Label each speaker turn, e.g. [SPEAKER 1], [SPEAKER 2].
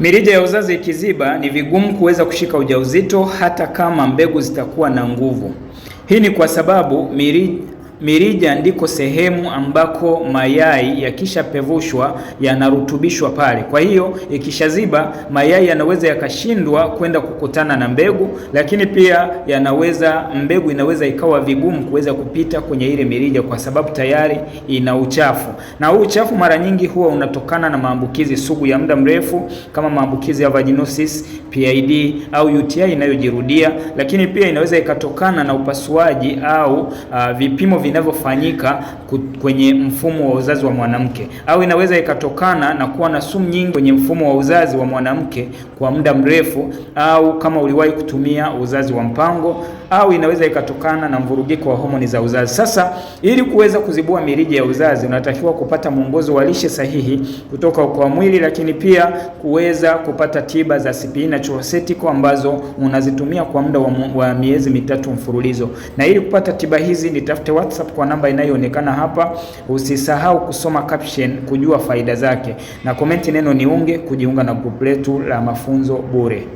[SPEAKER 1] Mirija ya uzazi ikiziba, ni vigumu kuweza kushika ujauzito hata kama mbegu zitakuwa na nguvu. Hii ni kwa sababu mirija Mirija ndiko sehemu ambako mayai yakishapevushwa yanarutubishwa pale. Kwa hiyo ikishaziba, mayai yanaweza yakashindwa kwenda kukutana na mbegu, lakini pia yanaweza mbegu inaweza ikawa vigumu kuweza kupita kwenye ile mirija, kwa sababu tayari ina uchafu, na huu uchafu mara nyingi huwa unatokana na maambukizi sugu ya muda mrefu kama maambukizi ya vaginosis, PID au UTI inayojirudia, lakini pia inaweza ikatokana na upasuaji au uh, vipimo vinavyofanyika kwenye mfumo wa uzazi wa mwanamke, au inaweza ikatokana na kuwa na sumu nyingi kwenye mfumo wa uzazi wa mwanamke kwa muda mrefu, au kama uliwahi kutumia uzazi wa mpango, au inaweza ikatokana na mvurugiko wa homoni za uzazi. Sasa, ili kuweza kuzibua mirija ya uzazi, unatakiwa kupata mwongozo wa lishe sahihi kutoka kwa mwili, lakini pia kuweza kupata tiba za CPE cholecitico ambazo unazitumia kwa muda wa miezi mitatu mfululizo, na ili kupata tiba hizi nitafute WhatsApp WhatsApp kwa namba inayoonekana hapa. Usisahau kusoma caption kujua faida zake, na komenti neno niunge kujiunga na grupu letu la mafunzo bure.